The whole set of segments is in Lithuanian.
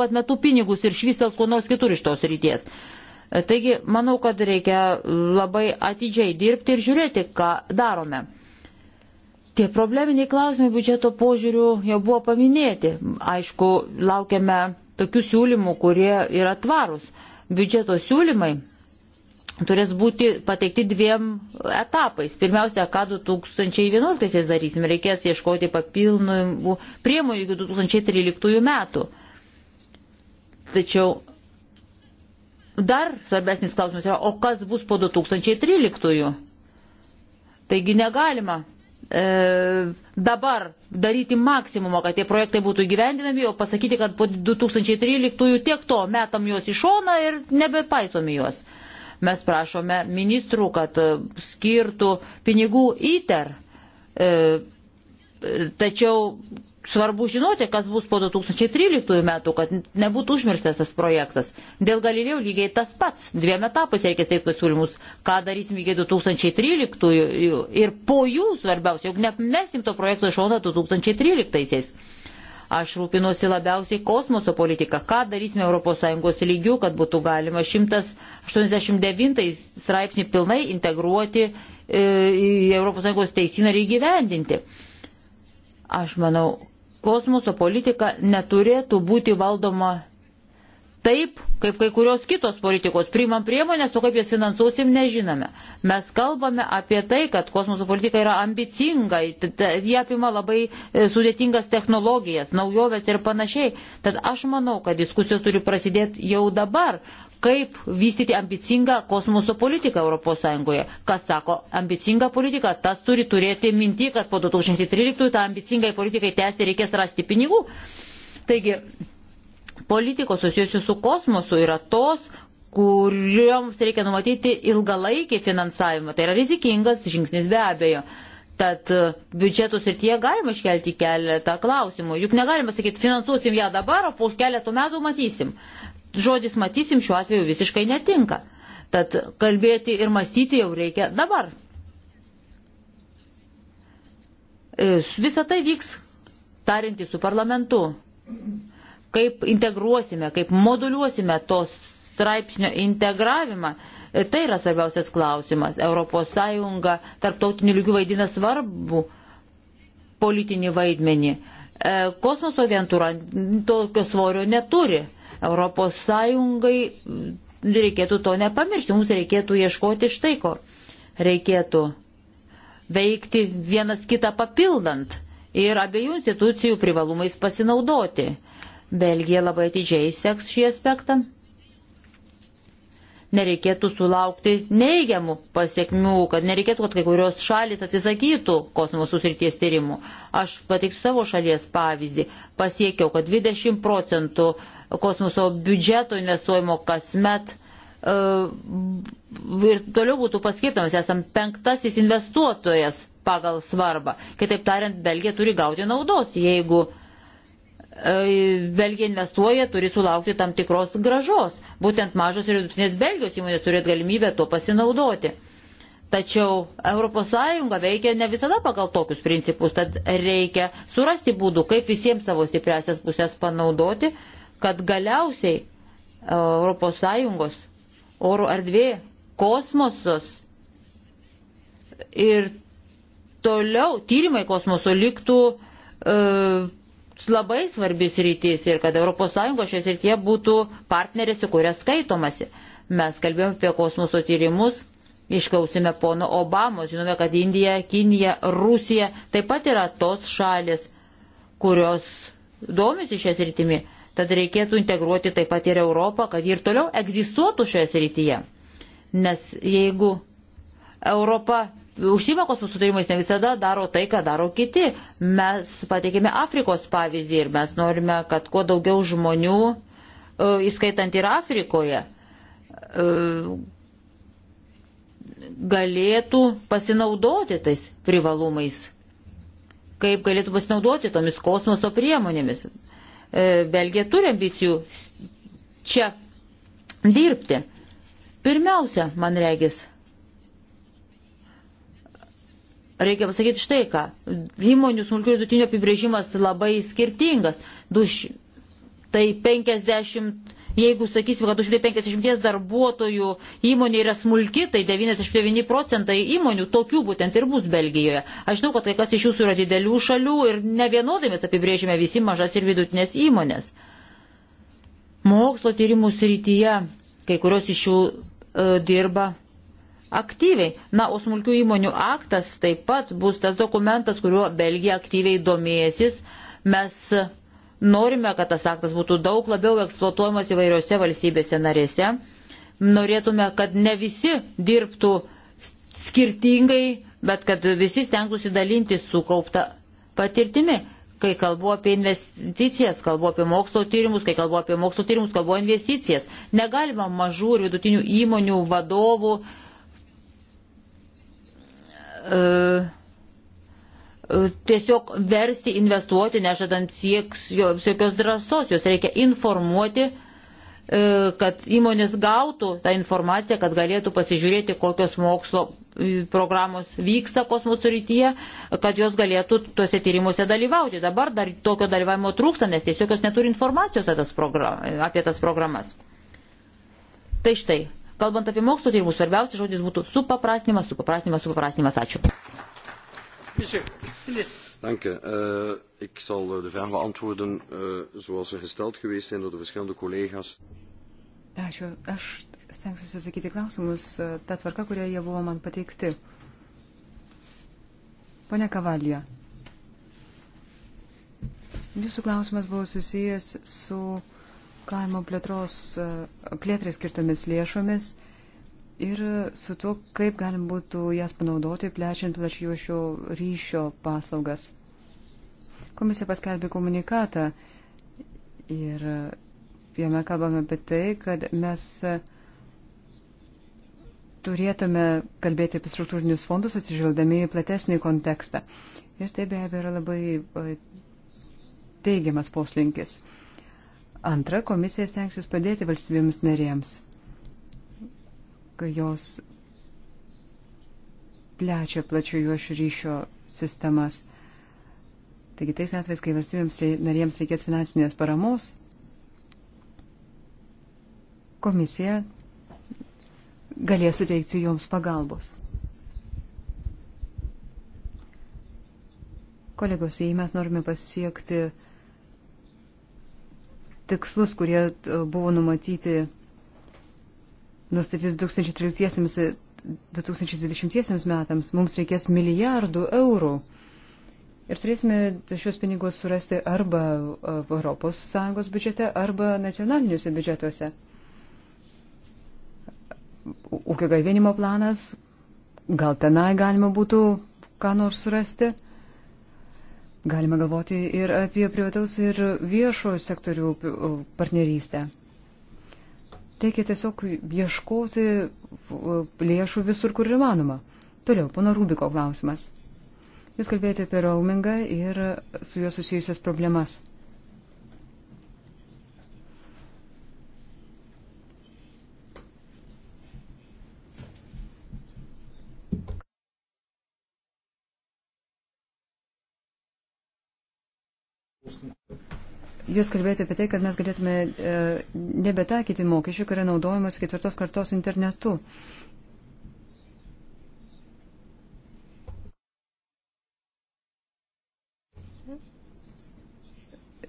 pat metu pinigus ir švystels kuo nors kitur iš tos ryties. Taigi, manau, kad reikia labai atidžiai dirbti ir žiūrėti, ką darome. Tie probleminiai klausimai biudžeto požiūrių jau buvo paminėti. Aišku, laukiame tokių siūlymų, kurie yra tvarūs. Biudžeto siūlymai turės būti pateikti dviem etapais. Pirmiausia, ką 2011 darysime, reikės ieškoti papilnų priemonių iki 2013 metų. Tačiau dar svarbesnis klausimas yra, o kas bus po 2013-ųjų? Taigi negalima e, dabar daryti maksimumą, kad tie projektai būtų įgyvendinami, o pasakyti, kad po 2013-ųjų tiek to, metam juos į šoną ir nebepaisomi juos. Mes prašome ministrų, kad e, skirtų pinigų įter. E, e tačiau svarbu žinoti, kas bus po 2013 metų, kad nebūtų užmirštas tas projektas. Dėl Galilėjo lygiai tas pats. Dviem etapais reikės teikti pasiūlymus, ką darysim iki 2013 ir po jų svarbiausia, jog neapmestim to projekto iš šono 2013. -aisiais. Aš rūpinosi labiausiai kosmoso politiką, ką darysime ES lygių, kad būtų galima 189 straipsnį pilnai integruoti e, į ES teisiną ir įgyvendinti. Aš manau, kosmoso politika neturėtų būti valdoma taip, kaip kai kurios kitos politikos. Priimam priemonės, o kaip jas finansuosim, nežinome. Mes kalbame apie tai, kad kosmoso politika yra ambicinga, jie apima labai e, sudėtingas technologijas, naujoves ir panašiai. Tad aš manau, kad diskusijos turi prasidėti jau dabar, kaip vystyti ambicingą kosmoso politiką ES. Kas sako, ambicinga politika, tas turi turėti minti, kad po 2013 tą ambicingai politikai tęsti reikės rasti pinigų. Taigi, politikos susijusios su kosmosu yra tos, kurioms reikia numatyti ilgalaikį finansavimą. Tai yra rizikingas žingsnis be abejo. Tad e, biudžetus ir tie galima iškelti keletą klausimų. Juk negalima sakyti, finansuosim ją dabar, o po už keletų metų matysim žodis matysim šiuo atveju visiškai netinka. Tad kalbėti ir mąstyti jau reikia dabar. E, Visą tai vyks tarinti su parlamentu. Kaip integruosime, kaip moduliuosime tos straipsnio integravimą, e, tai yra svarbiausias klausimas. ES tarptautiniu lygiu vaidina svarbu politinį vaidmenį. E, kosmoso agentūra tokio svorio neturi. Europos Sąjungai reikėtų to nepamiršti, mums reikėtų ieškoti štai ko. Reikėtų veikti vienas kitą papildant ir abiejų institucijų privalumais pasinaudoti. Belgija labai atidžiai seks šį aspektą. Nereikėtų sulaukti neigiamų pasiekmių, kad nereikėtų, kad kai kurios šalis atsisakytų kosmosų srities tyrimų. Aš pateiksiu savo šalies pavyzdį. Pasiekiau, kad 20 procentų uh, kosmoso biudžeto investuojimo kasmet. E, ir toliau būtų paskirtamas, esam penktasis investuotojas pagal svarbą. Kitaip tariant, Belgija turi gauti naudos, jeigu e, Belgija investuoja, turi sulaukti tam tikros gražos. Būtent mažos ir vidutinės Belgijos įmonės turi galimybę tuo pasinaudoti. Tačiau ES veikia ne visada pagal tokius principus, tad reikia surasti būdų, kaip visiems savo stipresias pusės panaudoti kad galiausiai ES oro erdvė, kosmosas ir toliau tyrimai kosmoso liktų e, labai svarbis rytis ir kad ES šios rytie būtų partnerė, su kuria skaitomasi. Mes kalbėjome apie kosmoso tyrimus, išklausime pono Obamos, žinome, kad Indija, Kinija, Rusija taip pat yra tos šalis, kurios domisi šią sritimį Tad reikėtų integruoti taip pat ir Europą, kad ji ir toliau egzistuotų šioje srityje. Nes jeigu Europa užsima kosmoso tyrimais, ne visada daro tai, ką daro kiti. Mes pateikėme Afrikos pavyzdį ir mes norime, kad kuo daugiau žmonių, e, įskaitant ir Afrikoje, e, galėtų pasinaudoti tais privalumais, kaip galėtų pasinaudoti tomis kosmoso priemonėmis. E, Belgija turi ambicijų čia dirbti. Pirmiausia, man regis, reikia pasakyti štai ką. Įmonių smulkių ir dutinio apibrėžimas labai skirtingas. Duš, tai 50 Jeigu sakysime, kad už 50 darbuotojų įmonė yra smulki, tai 99 procentai įmonių tokių būtent ir bus Belgijoje. Aš žinau, kad kai kas iš jūsų yra didelių šalių ir nevienodėmis apibrėžime visi mažas ir vidutinės įmonės. Mokslo tyrimų srityje kai kurios iš jų e, dirba aktyviai. Na, o smulkių įmonių aktas taip pat bus tas dokumentas, kuriuo Belgija aktyviai domėsis. Mes Norime, kad tas aktas būtų daug labiau eksploatuojamas įvairiose valstybėse narėse. Norėtume, kad ne visi dirbtų skirtingai, bet kad visi stengtųsi dalinti sukauptą patirtimi. Kai kalbu apie investicijas, kalbu apie mokslo tyrimus, kai kalbu apie mokslo tyrimus, kalbu apie investicijas. Negalima mažų ir vidutinių įmonių vadovų. Uh, e, tiesiog versti investuoti, nežadant sieks, jokios drąsos, jos reikia informuoti e, kad įmonės gautų tą informaciją, kad galėtų pasižiūrėti, kokios mokslo e, programos vyksta kosmoso rytyje, kad jos galėtų tuose tyrimuose dalyvauti. Dabar dar tokio dalyvavimo trūksta, nes tiesiog jos neturi informacijos apie tas, program, apie tas programas. Tai štai, kalbant apie mokslo tyrimus, svarbiausias žodis būtų supaprastinimas, supaprastinimas, supaprastinimas. Ačiū. Monsieur, Dank u. Uh, ik zal eh, de vraag beantwoorden uh, zoals ze er gesteld geweest zijn door de verschillende collega's. Ačiū. Aš stengsiuosi atsakyti klausimus uh, tą tvarką, kurią jie buvo man pateikti. Pone Kavalija, jūsų klausimas buvo susijęs su kaimo plėtros, uh, plėtrai skirtomis lėšomis. Uh, ir su to, kaip galim būtų jas panaudoti, plečiant plačiuošio ryšio paslaugas. Komisija paskelbė komunikatą ir jame kalbame apie tai, kad mes turėtume kalbėti apie struktūrinius fondus atsižvelgdami į platesnį kontekstą. Ir tai be abejo yra labai e, teigiamas poslinkis. Antra, komisija stengsis padėti valstybėms narėms kai jos plečia plačių juoš ryšio sistemas. Taigi tais atvejais, kai valstybėms narėms reikės finansinės paramos, komisija galės suteikti joms pagalbos. Kolegos, jei mes norime pasiekti tikslus, kurie e, buvo numatyti nustatys 2013-2020 metams, mums reikės milijardų eurų. Ir turėsime šios pinigus surasti arba ES biudžete, arba nacionaliniuose biudžetuose. Ūkio gaivinimo planas, gal tenai galima būtų ką nors surasti. Galime galvoti ir apie privataus ir viešo sektorių partnerystę. Reikia tiesiog ieškoti e, lėšų visur, kur įmanoma. Toliau, pono Rubiko klausimas. Jūs kalbėjote apie roamingą ir su juo susijusias problemas. Jūs kalbėjote apie tai, kad mes galėtume e, nebetakyti mokesčių, kurie naudojamas ketvirtos kartos internetu.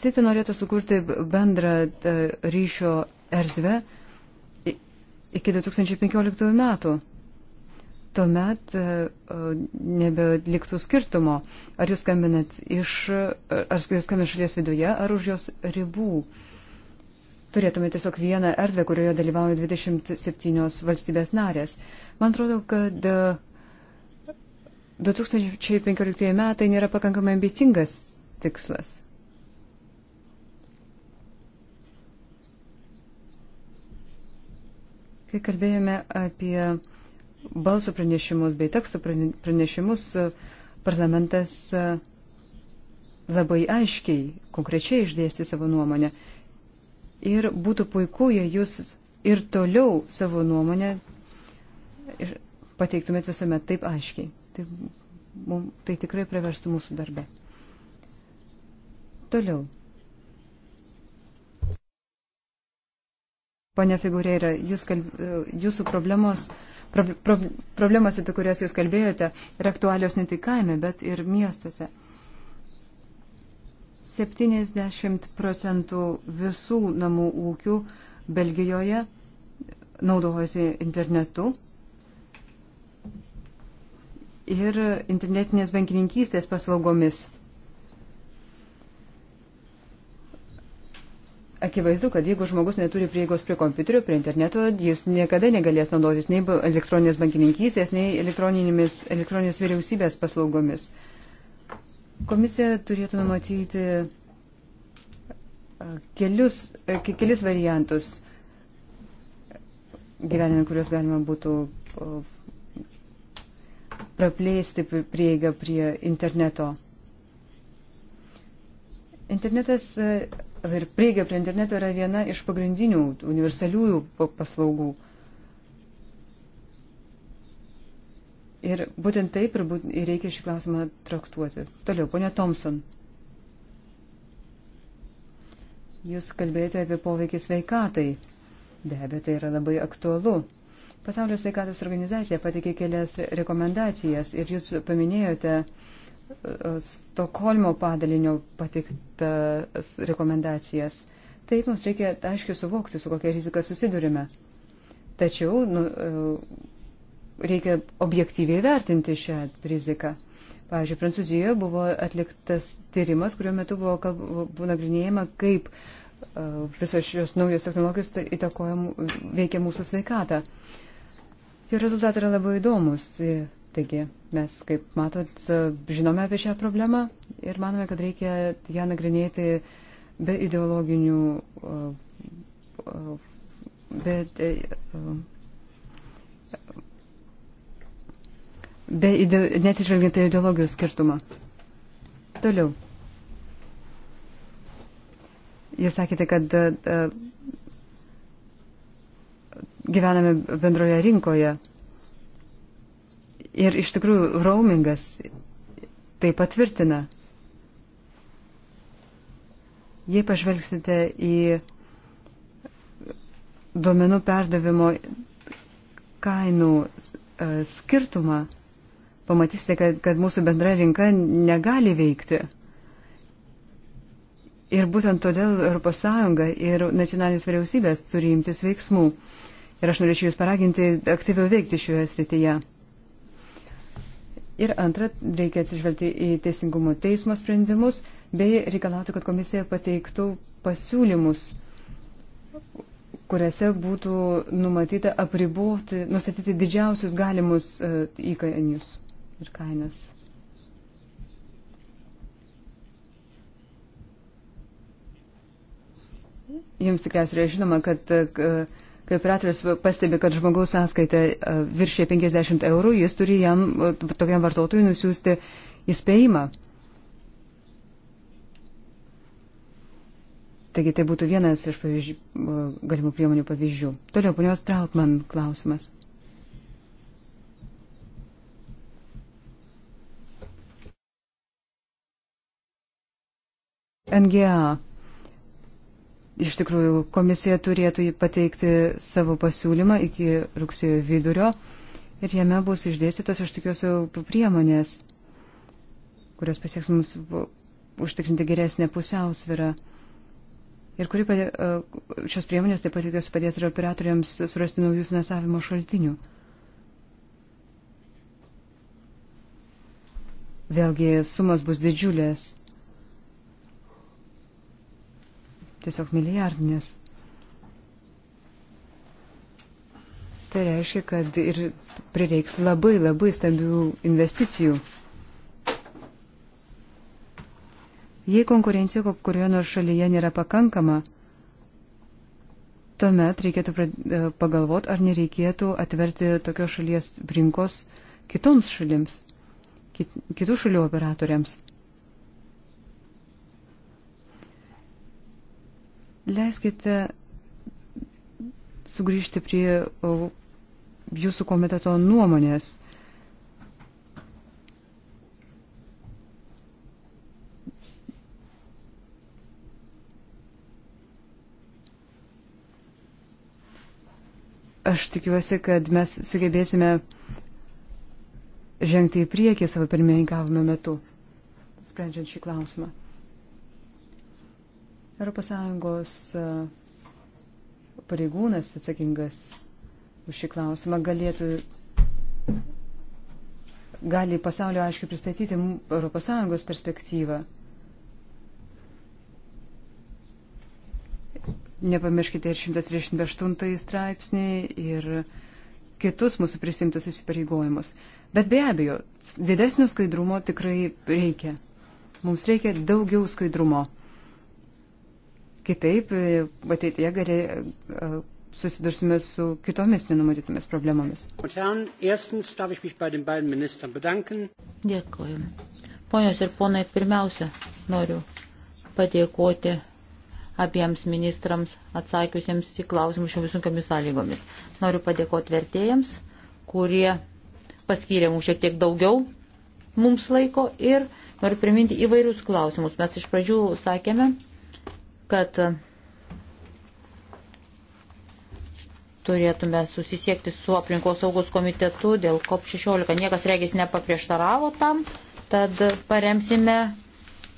Siti norėtų sukurti bendrą e, ryšio erdvę iki 2015 metų tuomet e, e, nebeliktų skirtumo, ar jūs skambinat iš, e, ar jūs skambinat šalies viduje, ar už jos ribų. Turėtume tiesiog vieną erdvę, kurioje dalyvauja 27 valstybės narės. Man atrodo, kad 2015 metai nėra pakankamai ambicingas tikslas. Kai kalbėjome apie balsų pranešimus bei tekstų pranešimus e, parlamentas e, labai aiškiai, konkrečiai išdėsti savo nuomonę. Ir būtų puiku, jei jūs ir toliau savo nuomonę pateiktumėt visuomet taip aiškiai. Tai, mum, tai tikrai praverstų mūsų darbę. Toliau. Pane Figureira, jūs kalb... E, jūsų problemos uh, Problemas, apie kurias jūs kalbėjote, yra aktualios ne tik kaime, bet ir miestuose. 70 procentų visų namų ūkių Belgijoje naudojasi internetu ir internetinės bankininkystės paslaugomis. Akivaizdu, kad jeigu žmogus neturi prieigos prie kompiuterio, prie interneto, jis niekada negalės naudotis nei elektroninės bankininkystės, nei elektroninės vyriausybės paslaugomis. Komisija turėtų numatyti kelius, kelis variantus gyvenime, kuriuos galima būtų praplėsti prieigą prie interneto. Internetas ir prieiga prie interneto yra viena iš pagrindinių universaliųjų paslaugų. Ir būtent taip ir, būt, ir reikia šį klausimą traktuoti. Toliau, ponia Thompson. Jūs kalbėjote apie poveikį sveikatai. Be abejo, tai yra labai aktualu. Pasaulio sveikatos organizacija patikė kelias rekomendacijas ir jūs paminėjote uh, Stokholmo padalinio patiktas rekomendacijas. Taip mums reikia aiškiai suvokti, su kokia rizika susidurime. Tačiau nu, e, reikia objektyviai vertinti šią riziką. Pavyzdžiui, Prancūzijoje buvo atliktas tyrimas, kurio metu buvo, kalb, buvo nagrinėjama, kaip e, visos šios naujos technologijos tai įtakoja, veikia mūsų sveikatą. Jo rezultatai yra labai įdomus. Taigi mes, kaip matot, žinome apie šią problemą ir manome, kad reikia ją nagrinėti be ideologinių, bet be ide, nesižvelgiant į ideologijų skirtumą. Toliau. Jūs sakėte, kad gyvename bendroje rinkoje. Ir iš tikrųjų, roamingas tai patvirtina. Jei pažvelgsite į duomenų perdavimo kainų e, skirtumą, pamatysite, kad, kad mūsų bendra rinka negali veikti. Ir būtent todėl ES ir nacionalinės vyriausybės turi imtis veiksmų. Ir aš norėčiau Jūs paraginti aktyviau veikti šioje srityje. Ir antra, reikia atsižvelgti į teisingumo teismo sprendimus bei reikalauti, kad komisija pateiktų pasiūlymus, kuriuose būtų numatyta apriboti, nustatyti didžiausius galimus e, įkainius ir kainas. Jums tikriausiai yra žinoma, kad uh, Kai operatorius pastebi, kad žmogaus sąskaita e, viršė 50 eurų, jis turi jam, e, tokiam vartotojui, nusiųsti įspėjimą. Taigi tai būtų vienas iš pavyzdžių, e, galimų priemonių pavyzdžių. Toliau, ponios Trautman klausimas. NGA Iš tikrųjų, komisija turėtų pateikti savo pasiūlymą iki rugsėjo vidurio ir jame bus išdėstytos, aš tikiuosi, priemonės, kurios pasieks mums užtikrinti geresnę pusiausvirą. Ir kuri padė, šios priemonės taip pat tikiuosi padės ir operatoriams surasti naujų finansavimo šaltinių. Vėlgi, sumas bus didžiulės. tiesiog milijardinės. Tai reiškia, kad ir prireiks labai labai stambių investicijų. Jei konkurencija kurioje nors šalyje nėra pakankama, tuomet reikėtų e, pagalvoti, ar nereikėtų atverti tokios šalies rinkos kitoms šalims, kit, kitų šalių operatoriams. Leiskite sugrįžti prie jūsų komiteto nuomonės. Aš tikiuosi, kad mes sugebėsime žengti į priekį savo pirmininkavimo metu, sprendžiant šį klausimą. ES e, pareigūnas atsakingas už šį klausimą galėtų, gali pasaulio aiškiai pristatyti ES perspektyvą. Nepamirškite ir 138 straipsnį ir kitus mūsų prisimtus įsipareigojimus. Bet be abejo, didesnio skaidrumo tikrai reikia. Mums reikia daugiau skaidrumo. Kitaip, e, ateityje gali, e, susidursime su kitomis nenumatytomis problemomis. Dėkuoju. Ponios ir ponai, pirmiausia, noriu padėkoti abiems ministrams atsakiusiems į klausimus šiomis sunkiamis sąlygomis. Noriu padėkoti vertėjams, kurie paskyrė mums šiek tiek daugiau mums laiko ir noriu priminti įvairius klausimus. Mes iš pradžių sakėme, kad turėtume susisiekti su aplinkos saugos komitetu dėl COP16. Niekas regis nepaprieštaravo tam, tad paremsime